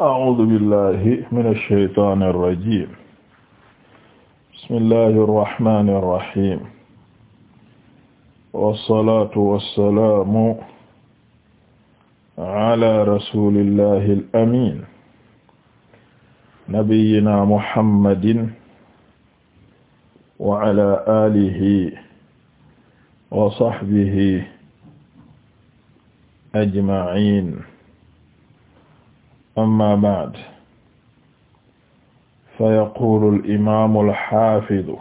a'uuzu billahi mina shaytaani rajiim bismillahi rahmaani rahiim wassalaatu wassalaamu ala rasuulillahi al-amiin nabiyyinaa muhammadin wa ala aalihi wa sahbihi ajma'iin amma ba'd fa yaqulu al-imaamu al-haafidu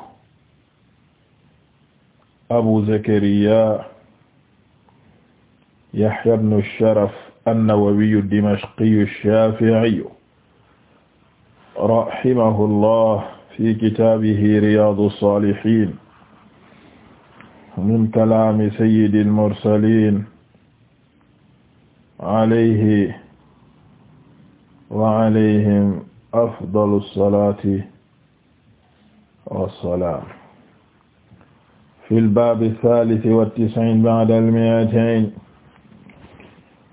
abu zakariya yahya ibnu sharaf an-nawawiyu ad-dimashqiyu ash-shaafi'iyu rahimahullah fi kitaabihi riyaadu as-saalihiin min kalaami sayyidi al-mursaliin alayhi wa alayhim afdalu salaati wa salaam. fil baabi saalisi wa tis'iin ba'da al-mi'atayn.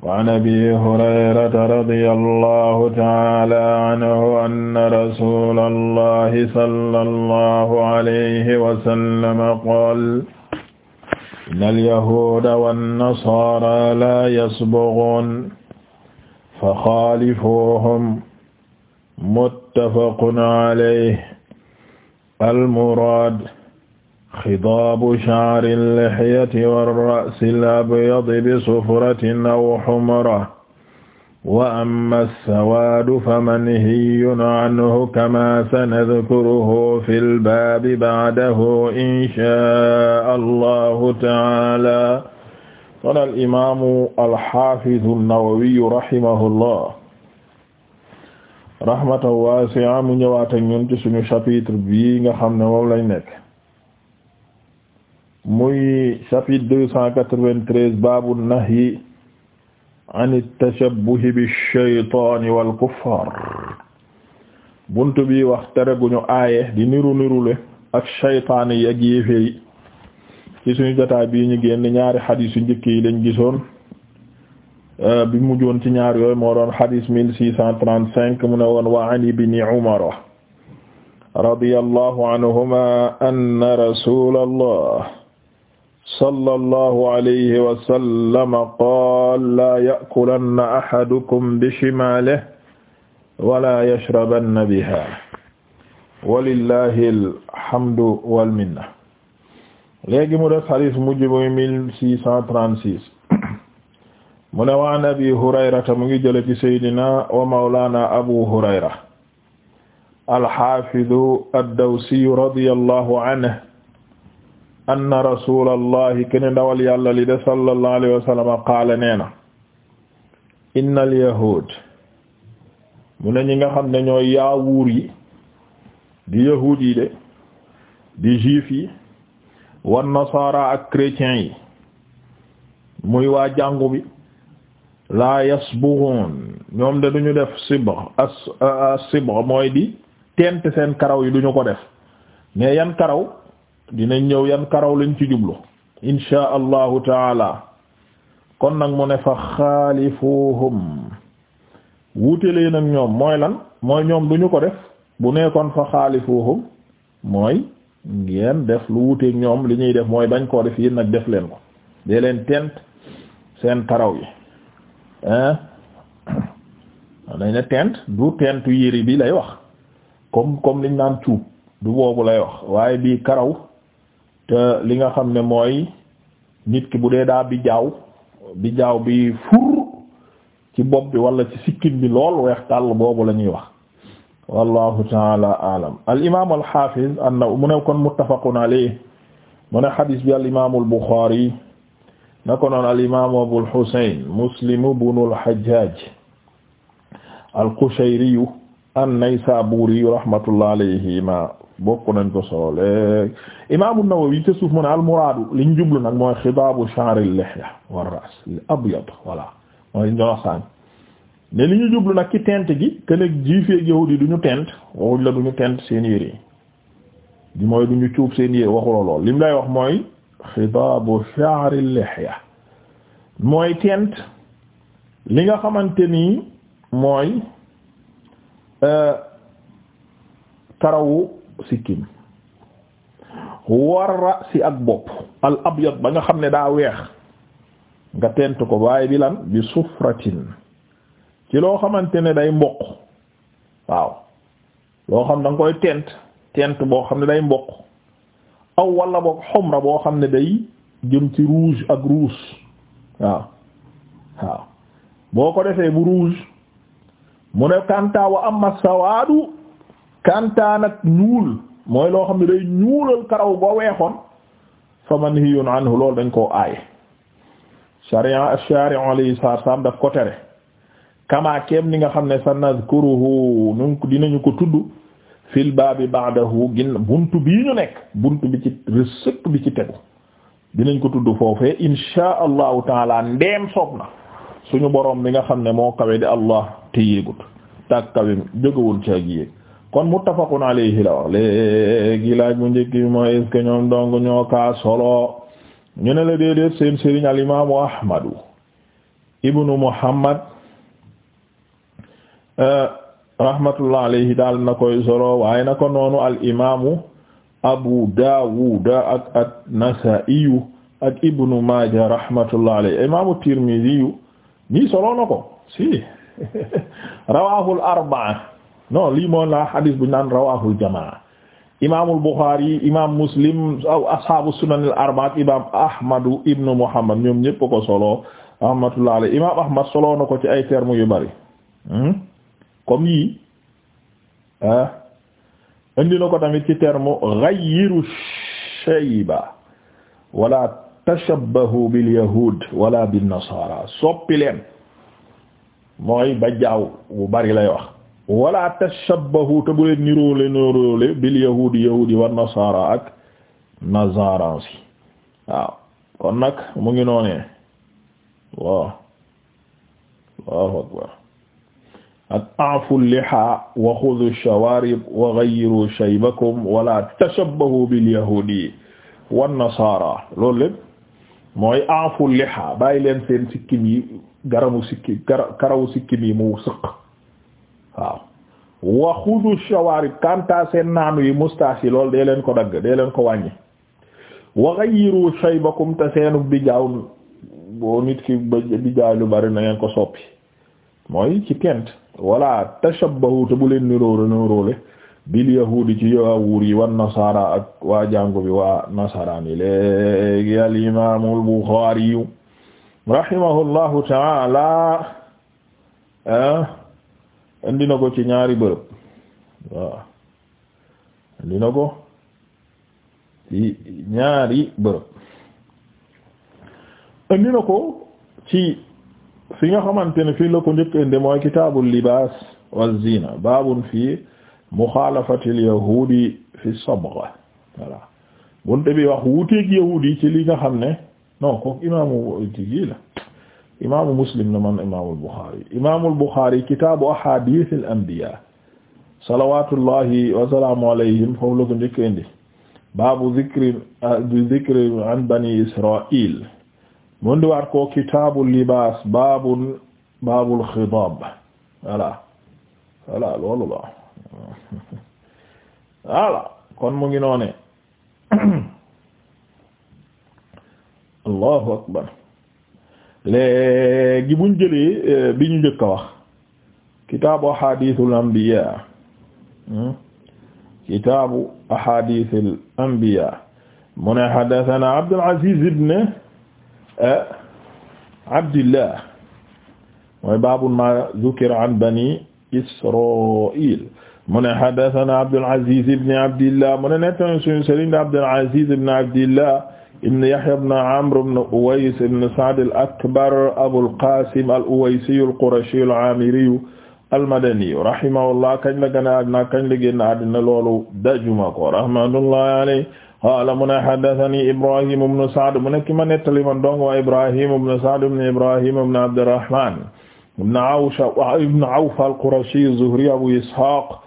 wa an abii hurayrata radiyallaahu ta'aalaa anhu anna rasuulallaahi sallallaahu alayhi wa sallam qaala inna al-yahuuda wan-nasaaraa laa yasbughuun fa xaalifuuhum muttafaqun alayhi almuraad xidaabu sha'ri al-lihyati war-ra'si al-abyadi bisufratin aw humra wa amma as-sawaadu famanhiyyun anhu kamaa sanadkuruhu fil baabi ba'dahu in shaa Allahu ta'aala kon al imaamu alxaafidu nawawiyu rahimahullah rahmatan waasi'a mu ñëwaat ak ñun ci suñu chapitre bii nga xam ne moom lañ nekk muy chapitre deux cent quatre-vingt-treize baabu nahyi an at-tashabbuhi bish-shaytaani wal kuffaar buntu bi wax tere gu ñu aaye di niru nirule ak shaytaan yi ak yéeféer yi ci suñu jotaay bii ñu génn ñaari xadis yu njëkk yi lañ gisoon euh, bi mujjoon ci ñaar yooyu moo doon xadis mille six cent trente cinq mu ne woon wa an ibni umara radiyallahu anhuma anna rasulallah sallallahu alayhi wa sallam qaala laa ya'kulanna ahadukum bishimaalihi wala yashrabanna biha walillahi alhamdu wal minna léegi mu def xadis mujj muy mille six cent mu ne waan abi hurayrata mu ngi jële ci saydina wa mawlana abu hurayra alxafidu addawsiyu radiyallahu anhu anna rasulallahi kene ndawal yàlla li de sallallahu alayhi wa sallam qaala nee na inna mu ne ñi nga xam ne ñooy yaawuur di yahuud de di juif wan nasara ak chrétiens yi muy waa jàngu bi la yasbughun ñoom de duñu def sibr as sibr mooy di tent seen karaw yi duñu ko def mais yan karaw dinañ ñëw yan karaw lañ ci jublu insha allahu taala kon nag mu ne fa xaalifuhum wuutelee nag ñoom mooy lan mooy ñoom duñu ko def bu nekkoon fa xaalifuhum mooy ngeen def lu wuteeg ñoom li ñuy def mooy bañ koo def yéen nag def leen ko dee leen tent seen taraw yi hein dañ ne tent du tent yére bi lay wax comme comme liñ naan cuub du boobu lay wax waaye bii karaw te li nga xam ne mooy nit ki bu dee daa bi jaaw bi jaaw bi ci bopp bi wala ci sikkin bi lool weex tàll boobu la ñuy wax wallahu taala alam al imam al hafiz annaw mu ne kon muttafaqun alayhi mu ne hadis bi al imam al bukhari na ko noon al imam abul husayn muslim ibn al hajjaj al qushayri an naysaburi rahmatullah alayhima bokk nañ ko soole imam an-nawawi te suuf mu ne al muraadu liñ jublu nag mooy xidaabu sha'r al lihya war ras al abyad voilà mooy ndoxaan ne li ñu jublu nag ci tent gi que ne juif ak yahudi du ñu tent waxuñ la du tent seen yére yi mooy du ñu cuub seen yére waxula lool lim lay wax mooy xitaabu sha'r al mooy tent li nga xamante nii mooy euh, karawu sikkim war ra'si ak bopp al ba nga xam ne daa weex nga tent ko waaye bi lan bi sufratin ci loo xamante ne day mboq waaw loo xam da nga koy tent tent boo xam ne day mboq aw wala boog xumra boo xam ne day jëm ci rouge ak rouge waaw waaw boo ko defee bu rouge mu ne kanta wa amma sawaadu kanta nag ñuul mooy loo xam ne day ñuulal karaw boo weexoon fa manhiyun anhu loolu dañ koo aaye sharia ash-shari'u alayhi salaam daf ko tere kamaa keem ni nga xam ne sa nazkuruhu nu dinañu ko tudd fil baabi ba'dahu gin buntu bii ñu nekk buntu bi ci rësëpp bi ci tegu dinañ ko tudd foofee insha allahu taala ndeem soob na suñu borom bi nga xam ne moo kawe di allah te yéegut tak ci ak kon muttafaqun alayhi la wax léegi laaj mu njëkk bi mooy ñoom dong ñoo kaa solo ñu ne la déedéet seen sëriñ al imaamu ahmadu ibnu muhammad Eh, rahmatullah alayhi daal na koy solo waaye na ko noonu al imaamu Abu Dawud ak an-Nasa'i ak Ibnu Maaja rahmatullah alayhi imaamu Tirmidhi nii solo na ko si rawaahul arba'a non lii mo la hadis bu ñu naan rawaahul jamaa imaamul Bukhari imaam Muslim ashaabu sunanil arba'a imaam Ahmadu ibnu Muhammad ñoom ñépp ko solo rahmatullah alayhi imaam Ahmad solo na ko ci ay termes yu bari hmm? comme yii ah indi na ko tamit ci terme ghayyiru shayba wala tashabbahu bil yahud wala bin nasara soppi leen mooy ba jaaw bu bari lay wax wala tashabbahu te bu leen niroole niroole bil yahudi yahudi wa nasara ak nazarans waaw kon nag mu ngi noonee waaw Allahu akbar a'fu liha wa khudhu shawarib wa ghayyiru shaybakum wa la tashabbahu bil yahudi wan nasara loolu lépp mooy a'fu liha bàyyi leen seen sikkim yi garamu sikkim karawu sikkim yi mu sëq waaw wa khudhu shawarib kanta seen naanu yi moustache yi loolu dee leen ko dagg dee leen ko wàññi wa ghayyiru shaybakum te seenu bijaaw boo nit ki bijaaw lu bari na ngeen ko soppi mooy ci tent wala tashabbahu te bu leen niroole niroole bil yahudi ci yahuur yi wan nasara ak al imaamul Buxaari rahimahullahu taala ah, indi na ko ci ñaari bërëb waaw indi na ko ci ñaari bërëb fi nga xamante ne fii la ko njëkk indi mooy kitaabul libaas wa zina baabun fii muxaalafatil yahuudi fi sabga voilà bunte bi wax wuuteeg yahuudi ci li nga xam ne non kooku imaamu kii la imaamu muslim la man imaamul buxaari imaamul buxaari kitaabu ahaadiisil anbiyaa salawaatullahi wa salaamu alayhim foofu la ko njëkk indi baabu zikri an bani israa'iil moom di waat ko kitaabu libaas baabul baabul xidaab loolu la voilà kon mu ngi noone allahu akbar léegi buñ jëlee eh, bi ñu njëkk a wax kitaabu ahadithul anbiya hmm? kitaabu ahadithul anbiya mu ne haddathana ibn Eh? abdillah mooy baabu ma zukira an bani israil mu ne hadathana abdul aziz ibn abdillah mu ne nettana suñu sëriñ abdul aziz ibn abdillah ibn yahya ibn amr ibn uways ibn sa'd al akbar abul qasim al uwaysi al qurashi al amiri al madani rahimahullah kañ la gën a addina kañ la génn addina loolu dajuma ko rahmatullahi alayhi qaala mu ne haddathanii Ibrahim ibn Sa'd mu ne ki ma nettali man dong wa Ibrahim ibn Sa'd ibn Ibrahim ibn Abdurrahman ibn Awf ibn Awf al-Qurashi az-Zuhri Abu Ishaq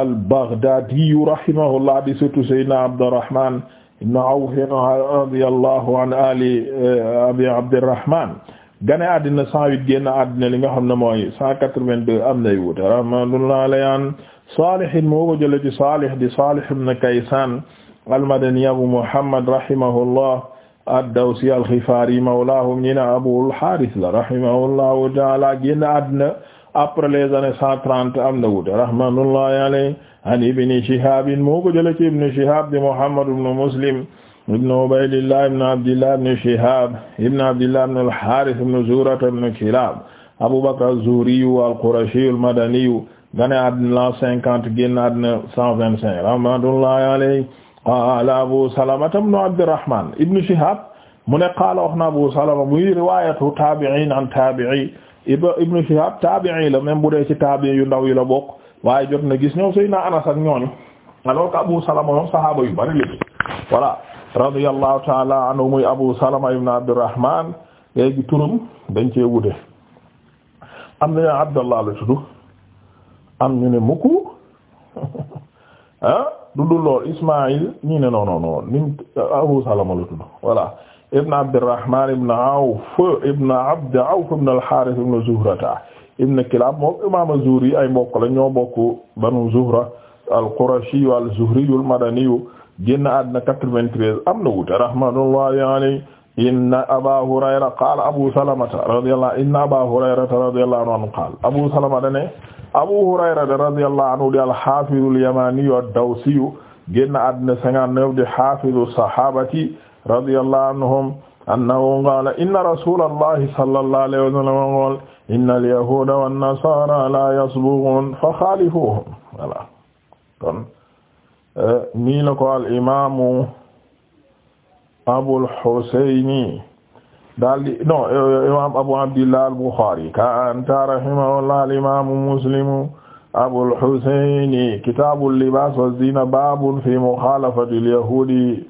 al-Baghdadi rahimahullah di surtout Sayyidina Abdurrahman ibn Awf radiyallahu an ali Abi Abdurrahman gane àddina 108 génn àddina li nga xam ne mooy 182 am nay wuute rahmatullahi alayhi Salih moo ko jëlee ci Salih di Salih ibn Kaysan almadani abu muhammad rahimahullah ad-dawsi al-xifaari mawlaahum ñi na abul haaris la rahimahullahu taala génn àddina après les années cent trente am na wute rahmatullahi alayhi an ibni shihaab moo ko jële ci ibni shihaab di muhammad ibn muslim ibn ubaydillah ibn abdillah ibn shihaab ibn abdillah ibn al-haaris ibn zuhra ibn kilaab abu bakr az-zuhri al-qurashi al-madani gane àddina la cinquante génn àddina cent vingt-cinq rahmatullahi alayhi qaala abu salama ibn abdirahman ibn shihab mu ne qaala wax na abu salama muy riwayatu tabi'in an tabi'i ibn shihab tabi'i la même bu dee ci tabi'i yu ndaw yi la bokk waaye jot na gis ñoom sayna anas ak ñooñu alors que abu salama moom sahaaba yu bari léegi voilà radiyallahu ta'ala anhu muy abu salama ibn abdirahman léegi turam dañ cee wute am na abdallah la tudd am ñu ne mukk ah du dul lool Ismaïl ñii ne non non Abu Salama tudd voilà ibn Abdurrahman ibn Awf ibn Abd Awf ibn al ibn Zuhrata ibn Kilab moom imam zuhri ay mbokk la ñoo bokk banu Zuhra al-Qurashi wal-Zuhri al-Madani génn àddina 93 am na wuute rahmatullahi alayhi Aba Hurayra qaala Abu Salamata radiyallahu inna Aba Hurayrata radiyallahu anhu qaala Abu Salama dane Abu Hurayra radiyallahu anhu di al-Hafiz al-Yamani ad-Dawsi génn àddina 59 di hafizu sahabati radiyallahu anhum annahu qala inna rasulallahi sallallahu alayhi wa sallam qala inna al-yahuda wan-nasara la yasbughun fa khalifuhum voilà kon eh, nii la ko al-imamu Abul Husayni daal di non imam abu abdillah al-Bukhari kaanta rahimahullah al-imam Muslim Abul Husayn kitaabul libaas wa ziina baabun fi muxaalafatil yahuudi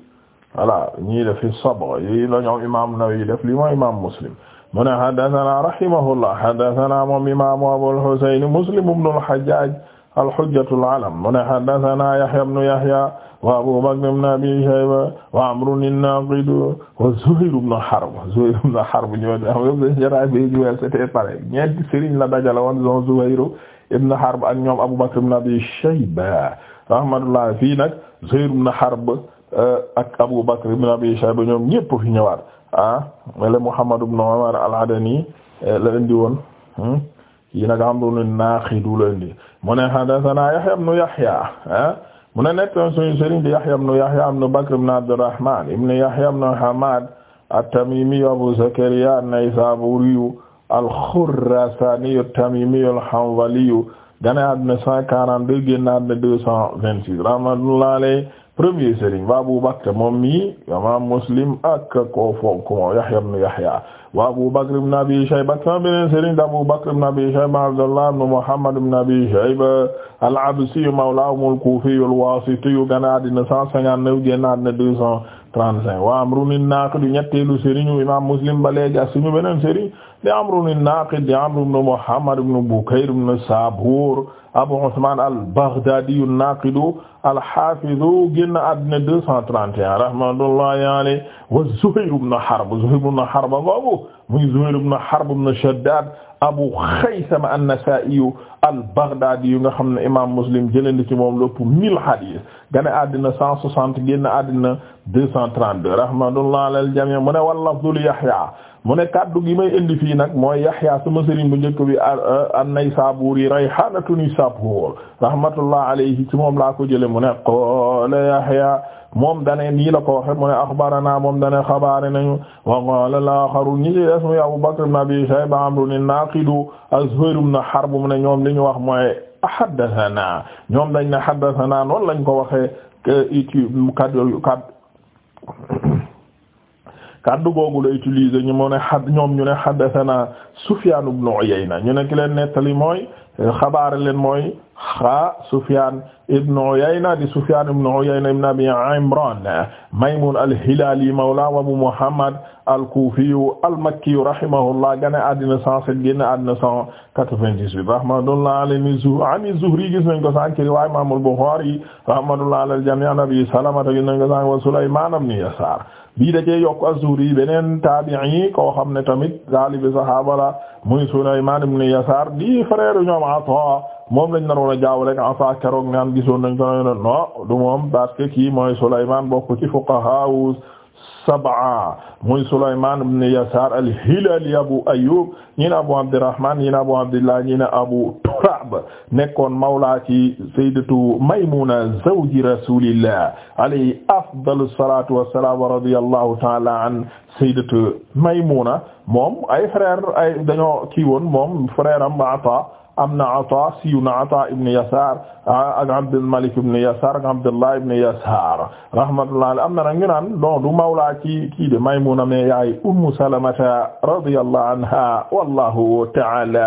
voilà ñii def fi sabr yi la ñoom imaam Nawawi def li mooy imaam Muslim mu ne haddasanaa rahimahullah haddasanaa moom imaamu Abul Husayn Muslim ibnul Hajjaaj alhujjatul alam mu ne haddathana yahya ibnu yahya wa abu bakr ibnu abi shayba wa amrun an-naqid wa zuhayr ibnu harb zuhayr ibnu harb ñoo ñëpp c'était pareil ñeenti sëriñ la dajale woon zon zuhayr ibnu harb ak ñoom abu bakr ibnu abi shayba rahmatullah fii nag zuhayr ibnu harb eh, ak abu bakr ibnu abi shayba ñoom ñépp fi ñëwaat ah mele muhammad ibnu umar al-adani eh, la indi woon kii hmm? nag amrun an-naqid la indi mu ne haddathana Yahya ibn Yahya mu ne nekk suñu sëriñ di Yahya ibn Yahya ibn Bakr ibn Abdurrahman ibn Yahya ibn Hamad at-Tamimi Abu Zakariya an-Naysaburi al-Khurasani at-Tamimi al-Hanbali gane àdduna 142 génn àdduna 226 rahmatullahi alayhi premier sëriñ wa Abu Bakr moom mi imam Muslim ak ko fonk moom Yahya ibn Yahya wa Abu Bakr ibn Abi Shayba sama beneen Abu Bakr ibn Abi Shayba Abdullah ibn Muhammad ibn Abi Shayba al-Absi mawlahum al-Kufi al-Wasiti gana wa imam Muslim ba léegi ak suñu beneen di Amru an-Naqid di Amru ibn Muhammad ibn Bukayr ibn Sabur Abu Usman al-Baghdadi an-Naqid al-Hafiz génn àddina 231 rahmatullahi alayhi wa Zuhayr ibn Harb Zuhayr ibn Harb boobu muy Zuhayr ibn Harb ibn Shaddad Abu Khaythama an-Nasa'i al-Baghdadi nga xam ne imaam Muslim jëlee na ci moom lépp 1000 hadith gane àddina cent soixante génn àddina deux cent trente-deux rahmatullah alal jami' mu ne wal lafdu li Yahya mu kaddu gi may indi fii nag mooy Yahya sama sëriñ bu njëkk bi an-Naysaburi Rayhanatu Naysabur rahmatullah alayhi ci moom laa ko jële mu ne qaala Yahya moom dane nii la ko waxe mu ne axbarana moom dane xabaare nañu wa qaala al-aaxaru ñi ci des muy Abu Bakr ibn Abi Shayba Amr an-Naaqid az mu ne ñoom li ñu wax mooy haddathana ñoom dañ ne haddathana noonu lañ ko waxee kaddu kaddu googu la utiliser ñoom ñu ne haddathana Sufyan ibn Uyayna ñu ne ki leen nettali mooy xabaar leen mooy xa Sufyan ibn Uyayna di Sufyan ibn Uyayna ibn Abi Imran Maymun al-Hilali mawla wa Muhammad al-Kufiyu al-Makkiyu rahimahullah gane addina cent sept génn addina cent quatre-vingt-dix-huit rahmatullah alayhi ani Zuhri gis nañ ko sànq ci riwaaya Imam al-Bukhari rahmatullah ala al-jami' an Abi Salama gis nañ ko sànq wa da cee yokk az-Zuhri beneen taabi'i koo xam ne tamit taalibi sahaaba la muy Sulayman ibn Yasar di frère ñoom Ata moom lañ naroon a jaawale ak Ata keroog naan gisoon nañ ko du moom parce que mooy Sulayman bokk ci sab'a muy Sulaymaan ibn Yasaar al-Hilaali Abu Ayyuub ñi ne Abu Abdurrahmaan ñi ne Abu Abdillah ñi ne Abu Turaab nekkoon mawla ci Sayyidatu Maymuna zawji Rasuulillah alayhi afdalu salaatu wassalaam wa radiyallahu ta'ala an Sayyidatu Maymuna moom ay frère ay dañoo kii woon moom frère am Ata am na Ataa siiw na Ataa ibn Yasaar ak Abdul Malik ibn Yasaar ak Abdullah ibn Yasaar rahmatullahi am na nag ñu naan don du mawla ci kii de Maymuna mais yaay Ummu Salamata radiyallahu anha wallahu ta'ala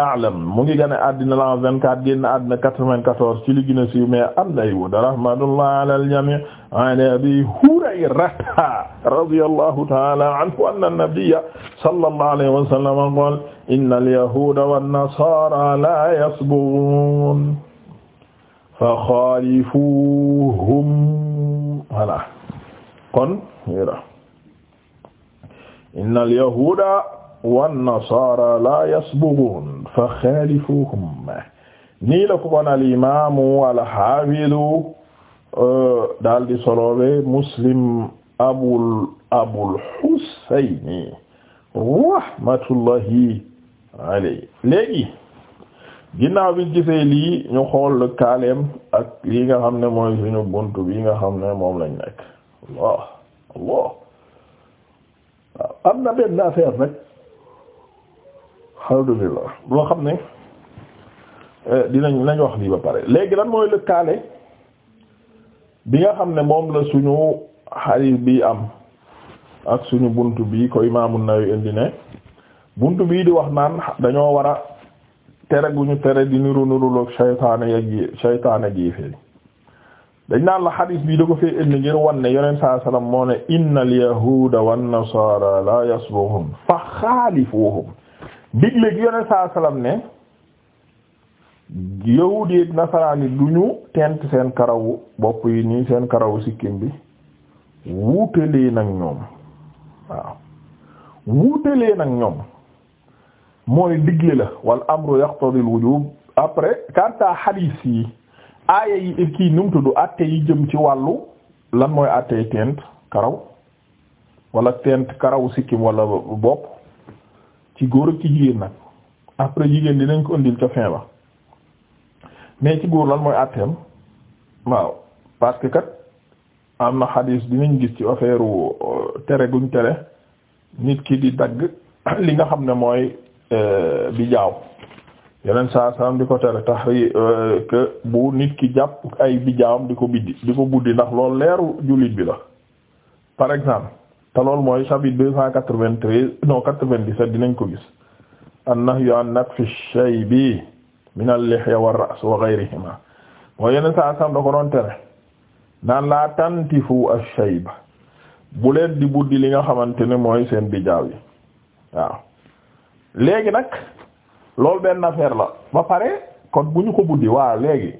a'lam mu ngi gën a addina la 24 génn addina 94 ci li gën a siiw mais am na yu rahmatullah ala al-jami' an abi hurayrata radiyallahu ta'ala anhu anna an-nabiyya sallallahu alayhi wa sallam qala inna al-yahuda wan-nasara la yasbughun fa khalifuhum voilà kon inna al-yahuda wannasaara la yasbuguun fa xaalifuuhum nii la ko kon al imaamu al xaafidu e, daal di soloobe muslim abul abul xusayni rahmatullahi alayhi léegi ginnaaw bi gisee lii ñu xool kaaleem ak lii nga xam ne mooy suñu bunt bi nga xam moom lañ nekk Allah Allah waaw am na benn affaire alhamdulillah loo xam ne eh, dinañ nañ wax lii ba pare léegi lan mooy lëkkaale bi nga xam ne moom la suñu xarit bi am ak suñu bunt bi koy imaamu Nawawi indi ne bunt bii di wax naan dañoo war a tere gu ñu tere di niru niruloog saytaane yegg saytaane gi fii dañ naan la xadis bii da ko fee indi ngir wan ne yonent saa sallam moo ne innal yahuuda wan nasaara la yasbuhun fa xaalifuhum digle gi yonent saa salaam ne yahudi ak nasaraan yi du ñu tent seen karawu bopp yi nii seen karawu sikkim bi wuutelee nag ñoom waaw wuutelee nag ñoom mooy digle la wal amru yaqtadil wujub après kanta hadith yi aaya yi kii nu mu tudd yi jëm ci wàllu lan mooy àtte yi tent karaw wala tent karawu sikkim wala bopp ci góor ak ci jigéen nag après jigéen dinañ ko indil ca fin ba mais ci góor lan mooy àtteem waaw parce que kat am na xadiis dinañ gis ci affaire euh, tere guñ tere nit ki di dagg li nga xam ne mooy euh, bi jaaw yeneen saa di ko tere tax euh, que bu nit ki jàpp ay bijaawam di ko biddi di ko buddi ndax loolu leeru jullit bi la par exemple te loolu mooy chapitre deux cent quatre-vingt-treize non quatre-vingt-dix-sept dinañ ko gis an-nahyu an nakfi shaybi min al-lihya wa ar-ra's wa ghayrihima mooy yeneen saa sam da ko doon tere naan laa tantifu ash-shayba bu leen di buddi li nga xamante ne mooy seen bijaaw yi waaw léegi nag loolu benn affaire la ba pare kon bu ñu ko buddi waaw léegi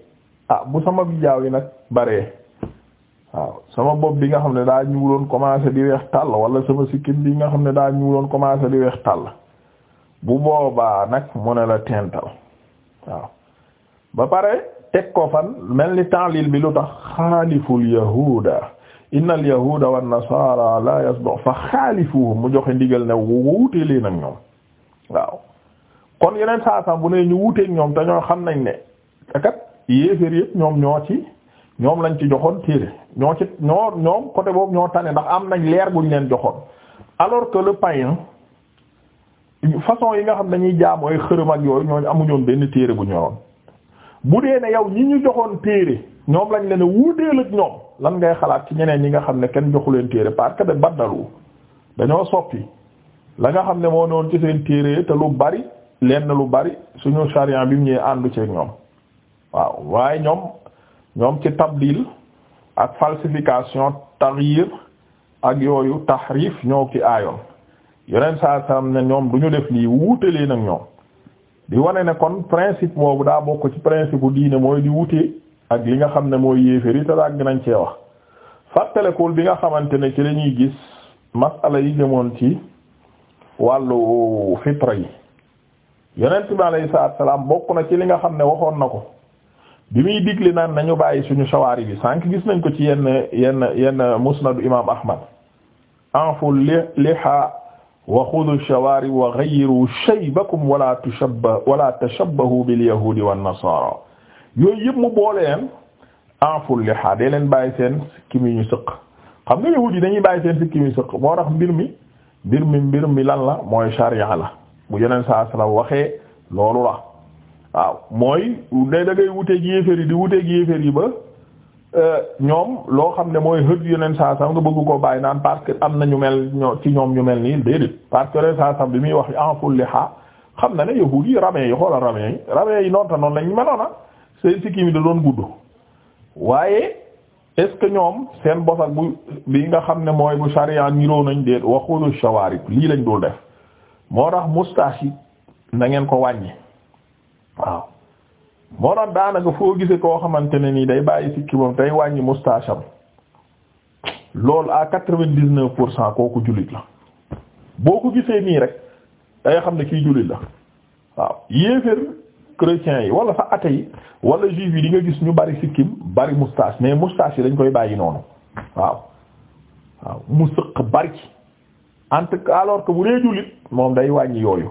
ah bu sama bijaaw yi nag bare waaw sama bopp bi nga xam ne daa ñuuloon commencé di weex tàll wala sama sikkim bi nga xam ne daa ñuuloon commencé di weex tàll bu boobaa nag mu ne la tental waaw ba pare teg ko fan mel ni ta'lil bi lu tax xaaliful yahuda innal yahuda wan nasara mu joxe ndigal ne wuute leen ak ñoom waaw kon yeneen saasam bu ne ñu wuuteeg ñoom te ñoo xam nañ ne akat yéeféer yëpp ñoom ñoo ci ñoom lañ ci joxoon téere ñoo ci ñoo ñoom côté boobu ñoo tane ndax am nañ leer guñ leen joxoon alors que le païen façon yi nga xam dañuy jaam ay xërëm ak yooyu ñooñu amuñoon benn téere bu ñoroon bu dee ne yow ñi ñu joxoon téere ñoom lañ leen a wuuteel ak ñoom lan ngay xalaat ci ñeneen ñi nga xam ne kenn joxu leen téere parce que da baddalu dañoo soppi la nga xam ne moo noon ci seen téere te lu bari leen lu bari suñu charian bi mu ñëwee àndu ci ñoom waaw waaye ñoom ñoom ci tabdil ak falsification taxyir ak yooyu taxrif ñoo ki aayoon yeneen saa saam ne ñoom du ñu def lii wuutelee nag ñoom di wane ne kon principe boobu daa bokk ci principe bu diine mooy di wutee ak li nga xam ne mooy yéeféri te daag nañ cee wax fàttalekul bi nga xamante ne ci lañuy gis masala yi jëmoon ci wàllu fitra yi yonent bi alayhi salaam bokk na ci li nga xam ne waxoon na ko bi mi digle naan nañu bàyyi suñu shawaari bi sànq gis nañ ko ci yenn yenn yenn musnadu imam ahmad anfu liha wa xudu shawaari wa ghayyiru shaybakum wala tushabba wala tashabbahu bil yahudi wan nasara yooyu yëpp mu boole leen anfu liha dee leen bàyyi seen sikki mi ñu sëq xam nga yahudi dañuy bàyyi seen mbir mi mbir mi mbir mi lan la mooy sharia la bu yeneen saa sallam waxee loolu la waaw mooy day da ngay wuteeg yéeféer yi di wuteeg yéeféer yi ba euh, ñoom loo xam ne mooy hët yeneen saa sam nga bëgg ko bàyyi naan parce am na ñu mel ñoo ci ñoom ñu mel nii déedéet parce que yeneen saa sam bi muy wax enful li xaa xam na ne yahuud yi ramee yi xoolal ramee yi ramee yi noonu ta noonu lañ meloona seen sikki mi da doon gudd waaye est-ce que ñoom seen bosak bi nga xam ne mooy bu sharia niroo nañ déet waxulu yi lii lañ dul def moo tax moustache yi na ngeen ko wàññi waaw moo tax daanaka foo gisee koo xamante ne nii day bàyyi sikki moom tey wàññi moustache am loolu à quatre-vingt-dix-neuf pour cent kooku jullit la boo ko gisee nii rek day xam ne kii jullit la waaw yéeféer chrétiens yi wala sax athées yi wala juifs yi di nga gis ñu bari sikkim bari moustache mais moustache yi dañ koy bàyyi noonu waaw waaw mu sëq bari ci en tout alors que bu dee jullit moom day wàññi yooyu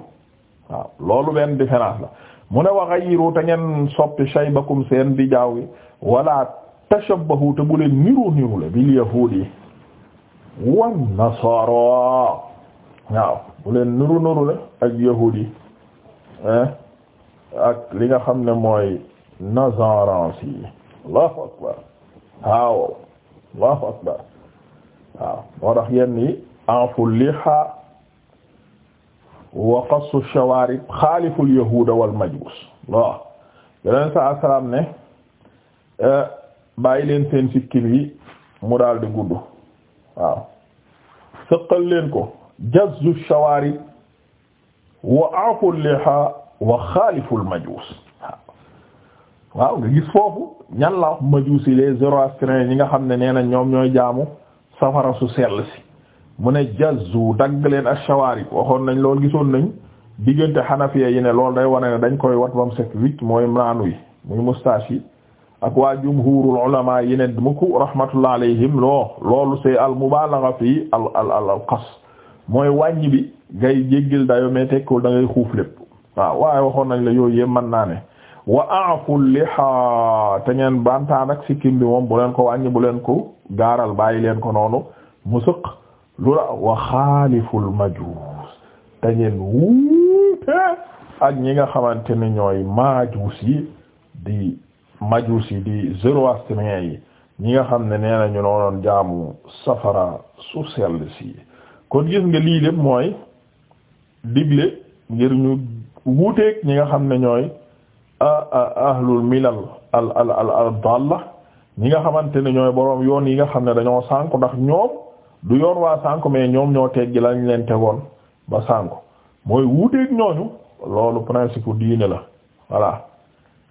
waaw loolu benn différence la mu ne wa ghayyiru te ngeen soppi shaybakum seen di jaaw wi wala tashabbahu te bu leen niru niru le bil yahudi wan nasara waaw bu leen niru niru le ak yahudi ak li nga xam ne mooy nazaranci allahu akbar waaw allahu akbar waaw moo tax yenn yi anfu liha wa qassu shawarib xaaliful yahuda wal majus waaw yeneen sa asalaam ne eh, bàyyi leen seen sikkim yi mu daal di gudd waaw leen ko jazzu shawarib wa aaful liha wa xaaliful majus waaw nga gis foofu ñan la wax majuus yi les zoroastriens ñi nga xam ne nee na ñoom ñooy jaamu safara su sell si mu ne jazzu dagg leen ak shawarib waxoon nañ lool gisoon nañ diggante xanafiya yi ne loolu day wane ne dañ koy wat bam set wicc mooy naanu yi muy moustache ak waa jumhurul ulama yi ne mukku rahmatullah alayhim loo loolu c'est al mubalagha fii al al al al qas mooy wàññi bi ngay jéggil dayo mais tekkul da ngay xuuf lépp waaw waaye waxoon nañ la yooyu yëpp man naa ne wa a'fu liha te ngeen bantaan ak sikkim bi moom bu leen ko wàññi bu leen ko gaaral bàyyi leen ko noonu mu sëq lu la wa xaaliful majuus te ngeen wuute ak ñi nga xamante ne ñooy majuus yi di majuus yi di zoroastriens yi ñi nga xam ne nee na ñu noonoon jaamu safara su sell si kon gis nga lii lépp mooy digle ngir ñu wuuteeg ñi nga xam ne ñooy a ahlul milal al al al al dalla ñi nga xamante ne ñooy boroom yoon yi nga xam ne dañoo sànku ndax ñoom du yoon waa sànku mais ñoom ñoo teggi lañ leen tegoon ba sànku mooy wuuteeg ñooñu loolu principe diine la voilà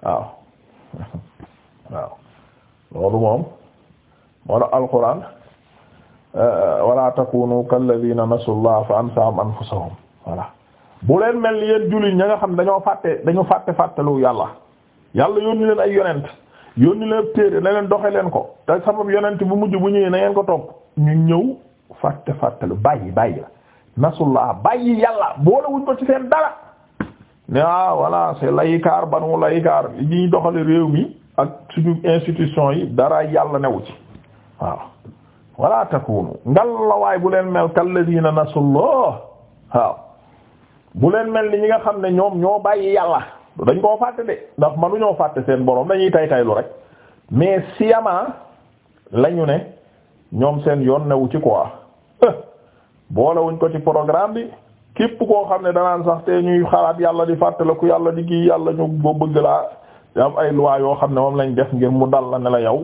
waaw waaw loolu moom moo la alquran euh, wala takunu kalladina nasullah fa ansahum anfusahum voilà bu leen mel ni yéen jullit ña nga xam dañoo fàtte dañu fàtte fàttelu yàlla yàlla yónni leen ay yonent yónni leen téere ne leen doxe leen ko te sabab yonent bu mujj bu ñëwee na ngeen ko topp ñu ñëw fàtte fàttalu bàyyi bàyyi la nasullaa bàyyi yàlla boolewuñ ko ci seen dara ne ah voilà c'est layikaar banu layikaar li ñuy doxale réew mi ak suñu institution yi dara yàlla newu ci waaw wala takunu ngal la waay bu leen mel kalladina nasullah waaw bu leen mel ni ñi nga xam ne ñoom ñoo bàyyi yàlla dañ koo fàtte de ndax manu ñoo fàtte seen borom dañuy tay taylu rek mais siyama lañu ne ñoom seen yoon newu ci quoi boole wuñ ko ci programme bi képp koo xam ne danaan sax te ñuy xalaat yàlla di fàttale fàttaliku yàlla di kii yàlla ñu boo bëgg laa am ay loi yoo xam ne moom lañ def ngir mu dal la ne la yow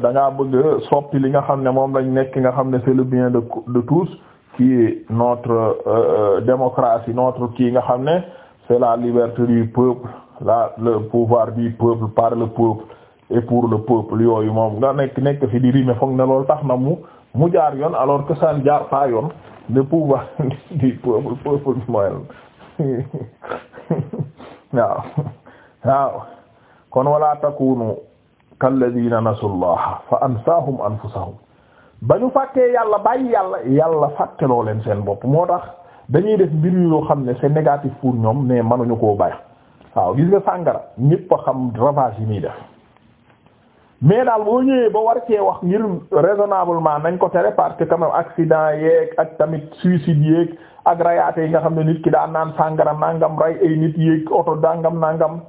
dangaa bëgg soppi li nga xam ne moom lañ nekk nga xam ne c'est le bien de de tous qui notre démocratie notre kii nga xam ne c'est la liberté du peuple la le pouvoir du peuple par le peuple et pour le peuple yooyu moom nga nekk nekk fi di rime foog ne loolu tax na mu mu jaar yoon alors que ça ne jaar pas yoon le pouvoir du peuple peuple bi mooy waaw waaw kon wala takunu kalladina nasullaha fa ansahum anfusahum ba ñu fàttee yàlla bàyyi yàlla yàlla fàtteloo leen seen bopp moo tax dañuy def mbir yoo xam ne c'est négatif pour ñoom mais mënuñu koo bàyyi waaw gis nga sàngara ñépp a xam ravage yi muy def mais daal boo ñëwee ba war cee wax ngir raisonnablement nañ ko tere parce que quand même accident yeeg ak tamit suicide yeeg ak rayaate yi nga xam ne nit ki daa naan sàngara nangam ray ay nit yeeg oto dangam nangam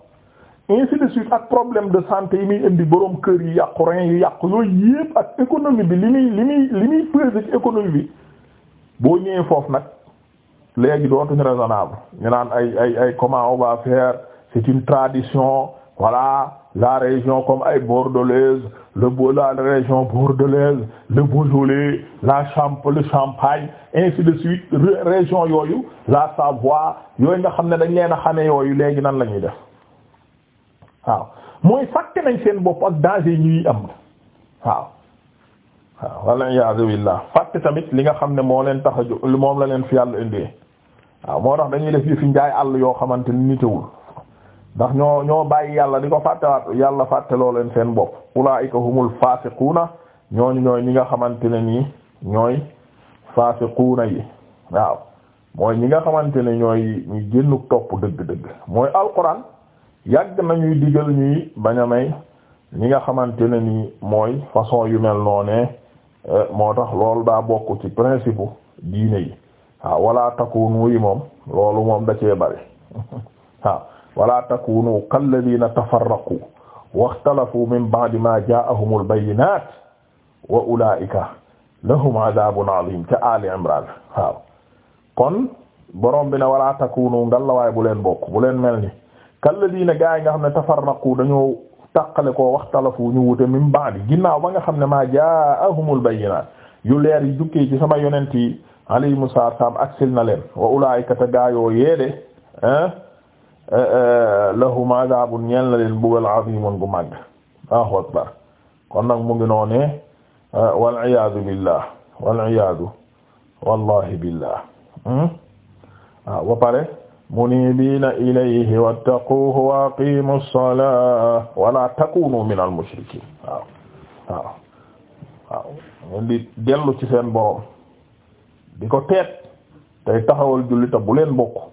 ainsi de suite ak problème de santé yi muy indi boroom kër yi yàqu rein yi yàqu yooyu yépp ak économie bi li muy li muy li muy économie bi boo ñëwee foofu nag léegi dootuñu raisonnable ñu naan ay ay ay comment on va faire c'est une tradition voilà la région comme ay bordelaise le la région bordelaise le Beaujolais la champ le Champagne ainsi de suite région yooyu la Savoie yooyu nga xam ne dañ leen a xamee yooyu léegi nan la ñuy def waaw mooy fàtte nañ seen bopp ak danger ñuy am waaw waaw walla iyaazu billaah fàtte tamit li nga xam ne moo leen tax a jóg moom la leen fi yàlla indee waaw moo tax dañuy def yi fi njaay àll yoo xamante ni nitewul ndax ñoo ñoo bàyyi yàlla di ko fàttewaat yàlla fàtteloo leen seen bopp ulaa'ika humul faasiquuna ñooñu ñooy ñi nga xamante ne nii ñooy faasiquuna yi waaw mooy ñi nga xamante ne ñooy ñu génnu topp dëgg-dëgg mooy alquran yàgg nañuy digal ñuy bañ a may ñi nga xamante ne nii mooy façon yu mel noonee eh, moo tax loolu daa bokk ci principe diine yi waaw wala takkuun wuy moom loolu moom da cee bari waaw wala takunu kalladina tafarraqu waxtalafu min ba'di ma jaa'ahumul bayyinaat wa ulaa'ika lahum adaabun aziim ca Ali Imraan waaw kon borom bi ne wala takunu ngallaawaay bu leen bokk bu leen mel ni kalladina gaa yi nga xam ne tafarraqu dañoo taqale ko waxtalafu ñu wute min ba'di ginnaaw ba nga xam ne ma jaa'ahumul bayyinaat yu leer yi jukkee ci sama yonent yi alayhimu salaam ak na leen wa ulaa'ika te gaa yeede ah. lahum adabun ñeel na leen mbugal azimun gu màgg Allahu akbar kon nag mu ngi noonee wal iyaadu billah wal iyaadu wallahi billah waaw hmm? ah, ba pare munibiina ilayhi wattaquhu wa aqimu ssalaa wala takunu min al mushrikiin waaw waaw waaw ñun di dellu ci seen borom di ko teet tey taxawal julli ta bu leen bokk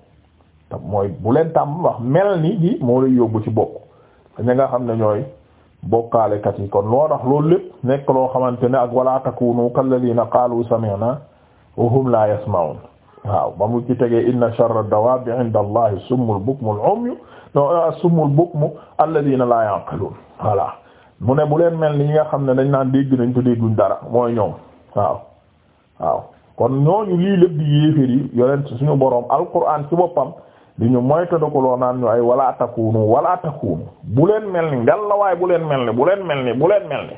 te mooy bu leen tàmm wax mel ni gi moo lay yóbbu ci bokk ña nga xam ne ñooy bokkaalekat yi kon loo tax loolu lépp nekk loo xamante ne ak wala takunu kalladina qaalu sami'na wa hum la yasma'un waaw ba mu ci tegee inna sharra dawaabi inda allahi summul bukmul umyu euh, summul bukmu alladina la yaqilun voilà mu ne bu leen mel ni ñi nga xam ne dañ naan dégg nañ te dégguñ dara mooy ñoom waaw waaw kon ñooñu lii lépp di yéeféer yi yonent suñu boroom alquran ci boppam di ñu moyta da ko loo naan ñu ay wala takunu wala takunu bu leen mel ni ngel la waaye bu leen mel ni bu leen mel ni bu leen mel ni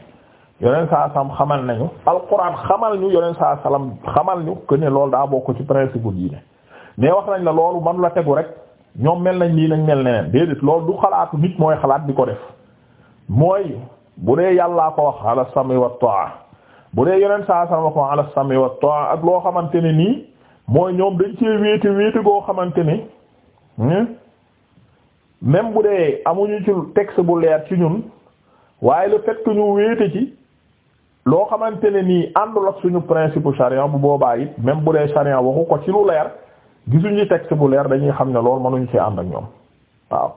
yoneen saa sam xamal nañu alquran xamal ñu yoneen saa salam xamal ñu que ne loolu daa bokk ci principe bu diine mais wax nañ la loolu man la tegu rek ñoom mel nañ lii nañ mel neneen déedéet loolu du xalaatu nit mooy xalaat bi ko def mooy bu dee yàllaa ko wax ala sami wa taa bu dee yoneen saa salam wax ak loo xamante ne nii mooy ñoom dañ cee wéete xamante ni Hmm? même bu dee amuñu ci texte bu leer ci ñun waaye le fait que ñu wéete ci loo xamante ne nii àndul ak suñu principe charia bu boobaa it même bu dee charia waxu ko ci lu leer gisuñu texte bu leer dañuy xam ne loolu mënuñ ci ànd ak ñoom waaw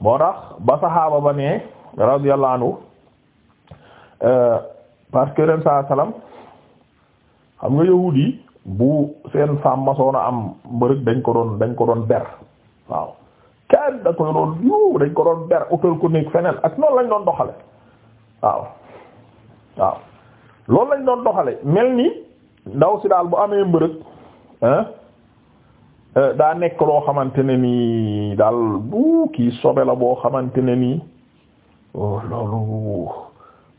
moo tax ba saxaaba ba nee radiyallahu anhu euh, parce que ren saa salaam xam nga yahuud yi bu seen femme masoon a am mbërëg dañ ko doon dañ ko doon ber waaw kenn da koy doon yu dañ ko doon ber utal ko nekk feneen ak noonu lañ doon doxale waaw waaw loolu lañ doon doxale mel ni ndaw si daal bu amee mbërëg euh, daa nekk loo xamante ne nii daal bu kii sobe la boo xamante ne nii oh, loolu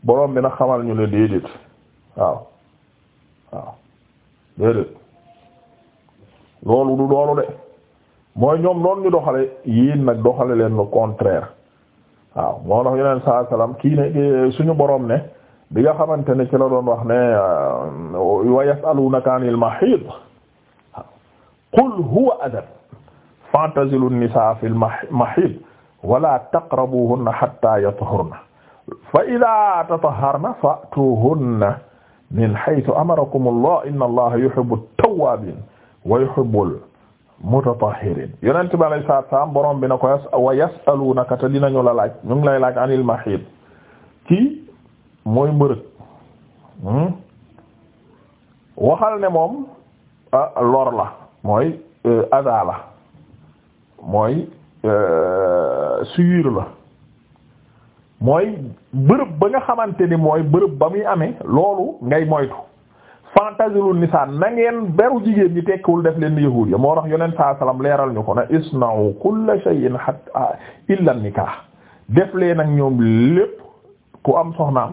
boroom bi na xamal ñu ne déedéet waaw waaw déedéet loolu du loolu de mooy ñoom noonu ñu doxale yéen nag doxale leen le contraire waaw moo tax yeneen saa salaam ne suñu borom ne bi nga xamante ne ci la doon wax ne euh, wa yas'alunaka anil mahid qul huwa adan fa'tazilu nisaa fil mahid wala taqrabuhunna hatta yatahurna fa idha tatahharna fa'tuhunna min haythu amarakum allah inna allaha yuhibbu at-tawwabin wa yuhibbu al-mutatahhirin yonent bi alayhi salaatu salaam borom bi na ko wa yas'alunaka te dinañu la laaj ñu ngi lay laaj anil mahid kii mooy mbërëg hmm? waxal ne moom ah, lor la mooy euh, adaa la mooy euh, suyur la mooy bërëb ba nga xamante ni mooy bërëb ba muy amee loolu ngay moytu fantazilu nisaan na ngeen beru jigéen ñi tekkiwul def leen yahuud ya moo rax yonent saa leeral ñu ko ne isna'u kulla shay'in hatta ah, illa nikah def leen ak ñoom lépp ku am soxnaam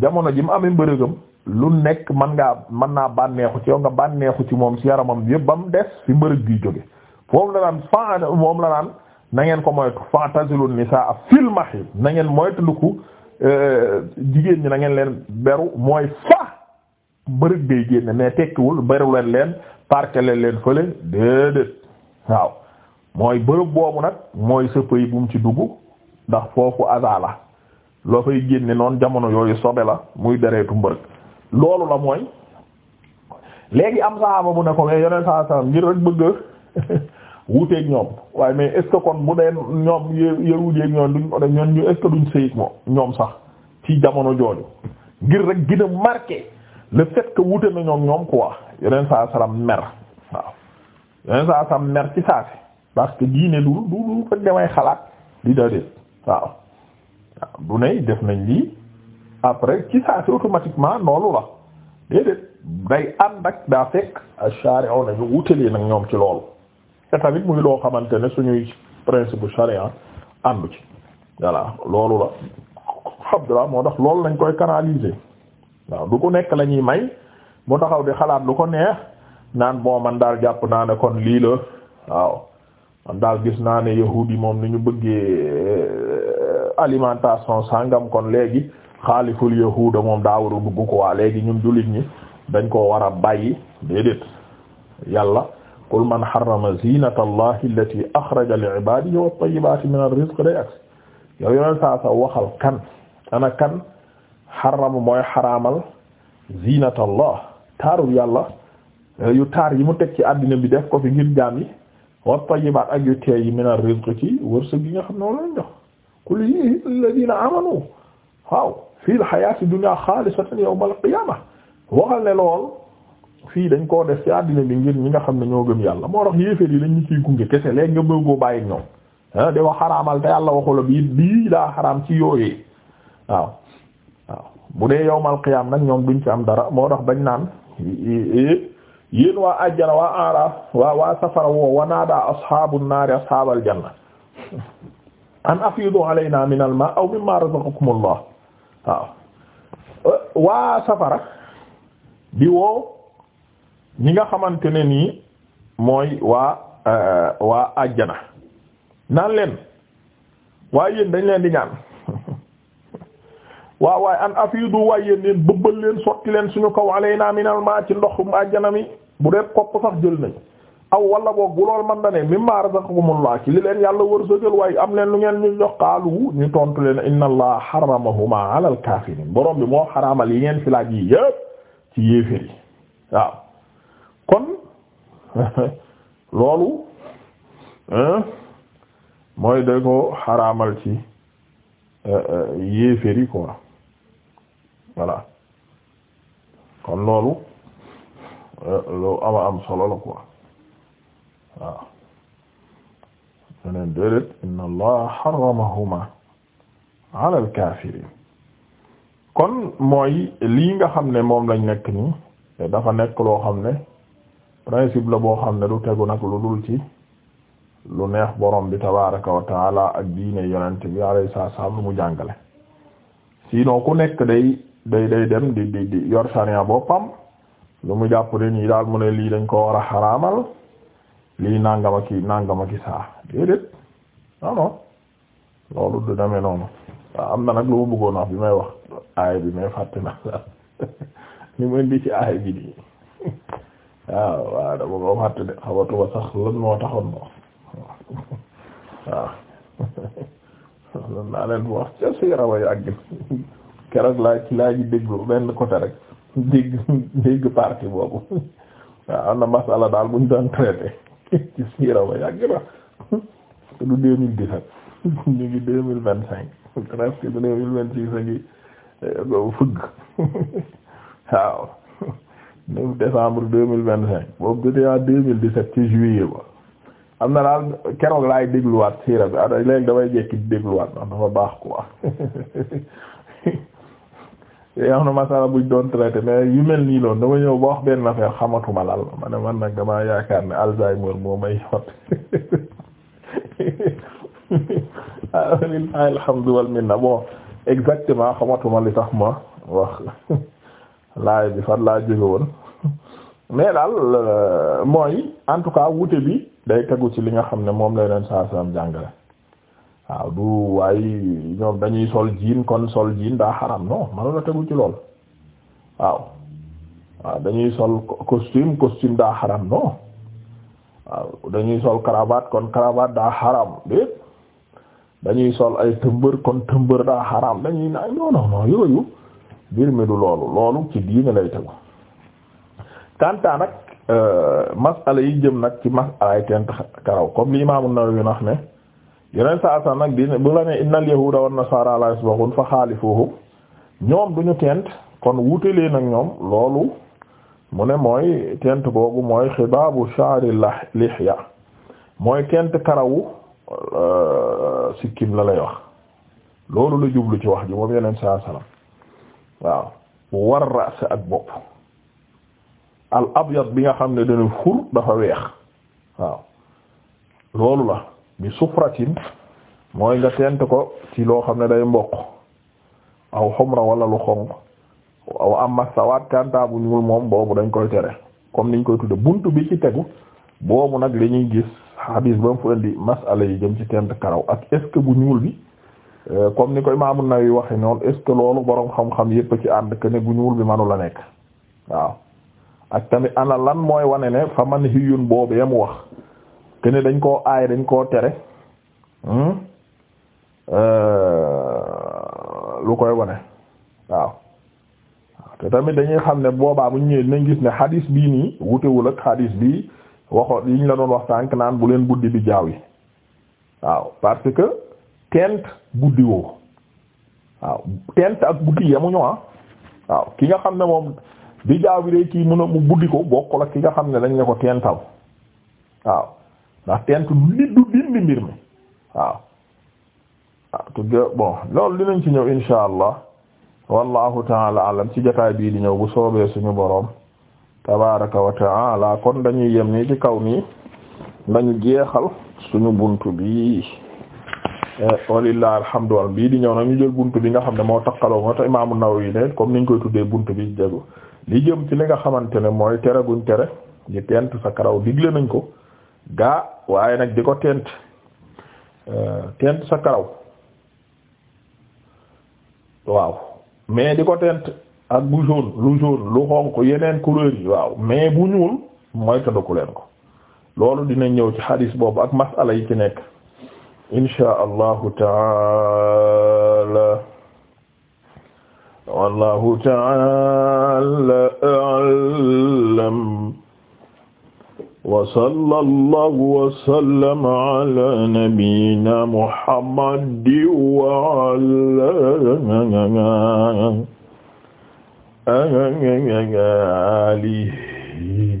jamono ji mu amee mbërëgam lu nekk man ngaa mën naa bànneexu ci yow nga bànneexu ci moom ci yaramam yëpp ba mu des fi mbërëg bi jóge foofu la naan fan moom la naan na ngeen ko moytu fa'tazilu nisaa fil mahid na ngeen moytandiku euh, jigéen ñi nangeen leen beru mooy fa bërëg day génne mais tekkiwul beru leen leen parkele leen fële déedéet waaw mooy bërëb boobu nag mooy sëpp yi bu mu ci dugg ndax foofu azaa la loo fay génne noonu jamono yooyu sobe la muy dereetu mbërëg loolu la mooy léegi am saaba bu ne ko mais yoneen saa saa ngir rek bëgg wuteeg ñoom waaye mais est ce que kon bu dee ñoom yahuudeeg ñoom duñ ñoon ñu est ce ñoom sax ci jamono jooju ngir rek gën a marqué le fait que wute na ñoom ñoom quoi yeneen saa salam mer waaw yeneen saa salam mer ci saasi parce que diine du du du ko demay xalaat di da déet waaw du ne def nañ lii après ci saasi automatiquement noonu la déedéet day ànd ak daa fekk shari o nañu wutalee nag ñoom ci loolu te tamit muy loo xamante ne suñuy principe charia àndu ci voilà loolu la Abdullah moo tax loolu lañ koy canaliser waaw du ko nekk la ñuy may mu taxaw di xalaat lu ko neex naan bon man daal jàpp naa ne kon lii la waaw man daal gis naa ne yi moom ni ñu bëggee euh, alimentation sangam kon léegi xaaliful yahuuda moom daa war a dugg ko waa léegi ñun jullit ñi dañ koo war a bàyyi déedéet yàlla qul man harrama zinata allahi allati axraja li ibadihi wa tayyibati min ar-rizq day aksi yow yoneen saa sa waxal kan ana kan xarama mooy xaraamal zinata allah taaru yàlla eh, yu taar yi mu teg ci àddina bi def ko fi ngir jaam yi wa tayyibaat ak yu teey yi min ar-rizq ci wërsëg yi nga xam ne wala jox qul yi alladina amanu waaw fii l xayaati dunya xaalisatan yawm al qiyama waxal ne lool fii dañ koo def ci àddina bi ngir ñi nga xam ne ñoo gëm yàlla moo tax yéeféer yi dañ ñu ciy gunge kese léegi nga bëggoo bàyyi ñoom ah di wax xaraamal te yàlla waxula bii bii daa xaraam ci yooyee waaw waaw bu dee yowmal qiyaam nag ñoom duñ ci am dara moo tax bañ naan yéen waa àjjana waa safara woo wanaadaa ashaabu naari ashaabal janna an afiidu alaynaa minal maa aw mimmaa razaqakumullah waaw waa safara di woo. ñi nga xamante ne nii mooy waa euh, waa àjjana naan leen waaye yéen dañ leen di ñaan waaw waaye an afidu waaye yéen leen bëbbal leen sotti leen suñu kaw alayna minal ma ci ndoxum àjjana mi bu dee kopp sax jël nañ aw wala boog bu lool man da ne mimma ci li leen yàlla wërsëgal waaye am leen lu ngeen ñu jox qaalu ñu tontu leen inna allah haramahuma ala kaafiriin borom bi moo xaraamal yi ngeen fi laaj yi yépp ci yéeféer yi waaw loolu mooy da ko xaraamal ci euh, euh, yéeféri quoi voilà kon loolu euh, lu ama am solo la quoi waaw meneen déedéet inna allah xaramahuma ala al kaafiriin kon mooy lii nga xam ne moom lañ nekk nii dafa nekk loo xam ne principe la boo xam ne du tegu nag lu dul ci lu neex borom bi tabaraka wa ak diine yonent bi alayhi salaam lu mu jàngale sinon ku nekk day day day dem di di di yor sariya boppam lu mu jàpp ne nii daal mu ne lii dañ ko war a xaraamal lii nangama ki nàngama ki saa déedéet non non loolu du demee noonu waaw am na nag lu mu bëggoon wax bi may wax aay bi may fàtte na li mu indi ci aay bi nii waaw waaw dama ko fàtte de xamatuma sax lan moo taxoon moom waaw lan naa leen wax ca siira way àgg keroog laa ci laa ji déglu benn côté rek dégg partie boobu waaw am na masala daal buñ daan traité ci siira way na du deux mille dix-sept ñu ngi deux mille vingt cinq presque deux mille vingt six a ngi eh, fëgg waaw 9 décembre 2025 boobu jotee à 2017 ci juillet ba am na daal keroog laay dégluwaat siira bi ah léegi damay jekki dégluwaat ndax dafa baax quoi yow na masala buñ doon traité mais yu mel nii loon dama ñëw ba wax benn affaire xamatuma laal ma ne man nag damaa yaakaar ne Alzheimer moo may yot alhamdu wal minna bon exactement xamatuma li tax ma wax laay bi fan laa jóge woon mais daal euh, mooy en tout cas wute bi day tegu ci li nga xam ne moom lay leen saa saam jàngale waaw du waaye ñoom dañuy sol jiin kon sol jiin daa xaram non manu la tegu ci lool waaw waaw dañuy sol costume costume daa xaram noo waaw dañuy sol cravate kon cravate daa xaram déet dañuy sol ay tëmbër kon tëmbër daa xaram dañuy naa non non non yooyu bir mi du loolu loolu ci diine lay tegu kanta nag euh, masala yi jëm nag ci masalaay tent karaw comme li imaamu Nawawi nax ne yeneen saa saa nag diine bu la ne innal yahuda wan nasara la yasbaghun fa xaalifuhu ñoom duñu tent kon wutelee nag ñoom loolu mu ne mooy tent googu mooy xibaabu sha'ri lihya mooy tent karawu euh, sikkim la lay wax loolu la jublu ci wax ji moom yeneen saa salaam waaw war raas ak bopp al abyad bi nga xam ne dana fur dafa weex waaw loolu la bi sufratin mooy nga tent ko ci loo xam ne day mboq aw xumra wala lu xonq aw amma sawaat kantaa bu ñuul moom boobu dañ koy tere comme niñ koy tudde bunt bi ci tegu boobu nag ñuy gis xadiis ba mu fu indi masala yi jëm ci tent karaw ak est bu ñuul bi Euh, comme ni ko Imaam An-Nawawi waxe noonu est loolu boroom xam-xam yépp ci ànd que ne bu ñuul bi manu la nekk waaw ak tamit ana lan mooy wane ne fa man hiyun boobu mu wax que dañ koo aay dañ koo tere hmm? euh, lu koy wane waaw te tamit dañuy xam ne boobaa bu ñëwee nañ gis ne xadiis bii nii wutewul ak xadiis bii waxoon yiñ la doon wax tànk naan bu leen buddi bi jaaw yi waaw parce que tent guddi waaw tent ak guddi yemuñu ah waaw ki nga xam ne moom di jaaw bi day kii mën mu buddi ko bokkul ak ki nga xam ne dañu ne ko tental waaw ndax tent li du dindi mbir mi waaw waaw bon loolu dinañ ci ñëw insha allah wallahu taala alam ci jotaay bii di ñëw bu soobee suñu boroom tabaraka wa taala kon dañuy yem nii ci kaw nii lañu jeexal suñu bunt bi Eh, walilah alhamdu wal bii di ñëw nag ñu jël buntu bi nga xam ne moo takkaloo moo tax imaamu Nawawi ne comme niñ koy tuddee buntu bi jégu li jëm ci li nga xamante ne mooy tere guñ tere di tent sa karaw digle nañ ko gaa waaye nag di ko tent eh, tent sa karaw waaw mais di ko tent ak bu jaune lu jaune lu xonq yeneen couleur yi waaw mais bu ñuul mooy tëddu ku leen ko loolu dinañ ñëw ci xadiis boobu ak masala yi ci nekk insha allahu taala wallahu taala a'lam wa sallallahu wa sallam ala nabiyyina muhammad wa ala alihi